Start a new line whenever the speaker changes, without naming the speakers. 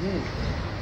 Mm.